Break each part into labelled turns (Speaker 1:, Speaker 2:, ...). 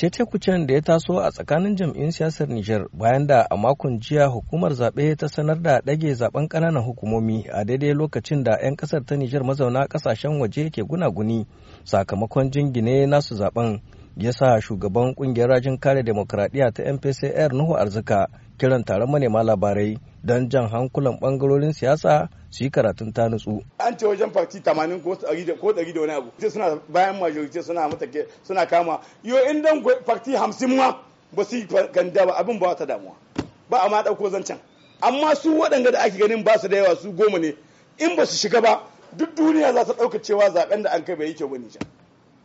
Speaker 1: cece-kucen da ya taso a tsakanin jam'in siyasar Nijar bayan da a makon jiya hukumar zaɓe ta sanar da ɗage zaɓen ƙananan hukumomi a daidai lokacin da 'yan ƙasar ta Nijar mazauna ƙasashen waje ke gunaguni sakamakon jingine nasu zaɓen ya sa shugaban ƙungiyar rajin kare demokradiyya ta MPCR Nuhu Arzika kiran taron manema labarai don jan hankulan bangarorin siyasa su yi karatun ta nutsu.
Speaker 2: An ce wajen fati tamanin ko ɗari da wani abu. Sai suna bayan majority suna mata suna kama. Yo in dan farti hamsin ma ba su yi ganda ba abin ba ta damuwa. Ba a ma ɗauko zancen. Amma su waɗanda da ake ganin ba su da yawa su goma ne. In ba su shiga ba duk duniya za ta ɗauka cewa zaɓen da an kai bai yi kyau ba Nijar.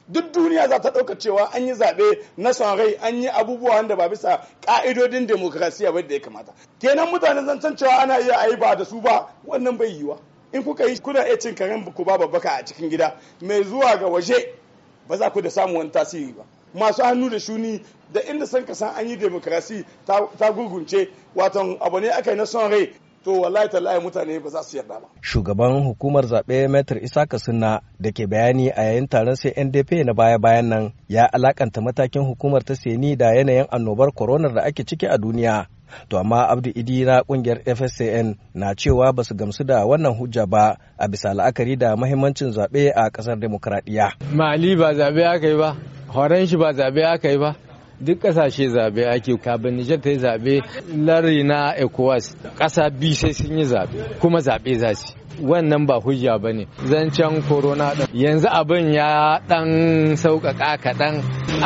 Speaker 2: duk duniya za ta ɗauka cewa an yi zaɓe na son rai an yi abubuwa da ba bisa ƙa'idodin demokrasiya ba da ya kamata kenan mutane zancen cewa ana iya a yi ba da su ba wannan bai yiwa in kuka yi kuna iya cin karen ku ba babbaka a cikin gida mai zuwa ga waje ba za ku da samun wani tasiri ba masu hannu da shuni da inda san ka san an yi demokrasi ta gurgunce wato abu ne aka yi na son rai to wallahi tallahi mutane ba za su yarda ba
Speaker 1: shugaban hukumar zaɓe Metro Isaka Sunna da ke bayani a yayin taron sai NDP na baya-bayan nan ya alakanta matakin hukumar ta Seni da yanayin annobar coronar da ake ciki a duniya to amma abdu idi na kungiyar fscn na cewa ba su gamsu da wannan hujja ba a bisa la'akari da mahimmancin zaɓe a ƙasar demokradiyya
Speaker 3: mali ba zaɓe aka yi ba horon shi ba zaɓe aka yi ba duk kasashe zabe ake kabin Nijar ta yi zabe lari na ECOWAS kasa biyu sai sun yi zabe kuma zabe za su wannan ba hujja ba ne zancen corona ɗin yanzu abin ya ɗan sauƙaƙa kaɗan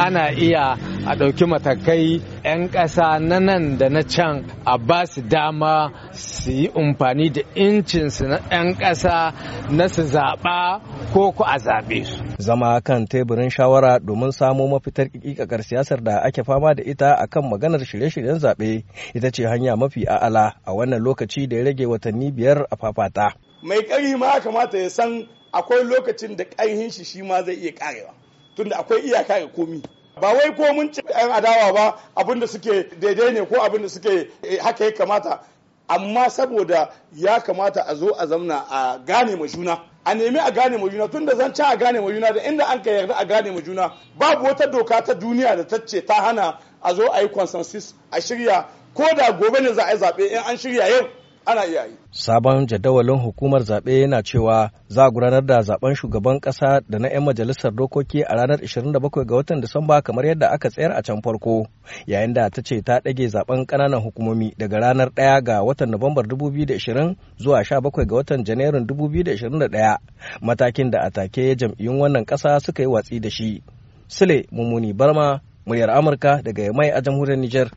Speaker 3: ana iya a ɗauki matakai 'yan ƙasa na nan da na can a ba su dama su yi amfani da incinsu na 'yan ƙasa na su zaɓa ko ku a zaɓe
Speaker 1: su. Zama kan teburin shawara domin samo mafitar ƙiƙakar siyasar da ake fama da ita a kan maganar shirye-shiryen zaɓe ita ce hanya mafi a'ala a wannan lokaci da ya rage watanni biyar a fafata.
Speaker 2: Mai ƙari ma kamata ya san akwai lokacin da ƙarhin shi shi ma zai iya ƙarewa tunda akwai iyaka ga komi. ba wai ko mun ci 'yan adawa ba abinda suke daidai ne ko abinda suke eh, haka ya kamata amma saboda ya kamata a zo a zamna a gane ma juna a nemi a gane ma juna tunda zan ci a gane ma juna da inda an ka yarda a gane ma juna babu wata doka ta duniya da ta ce ta hana a zo a yi consensus a shirya ko da gobe ne za a yi zaɓe in an shirya yau ana iya yi.
Speaker 1: Sabon jadawalin hukumar zaɓe yana cewa za a gudanar da zaben shugaban ƙasa da na 'yan majalisar dokoki a ranar 27 ga watan Disamba kamar yadda aka tsayar a can farko, yayin da ta ce ta ɗage zaben ƙananan hukumomi daga ranar 1 ga watan Nuwambar 2020 zuwa 17 ga watan Janairun 2021, matakin da a take jam'iyyun wannan ƙasa suka yi watsi da shi. Sule Mumuni Barma, muryar Amurka daga Yamai a jamhuriyar Nijar.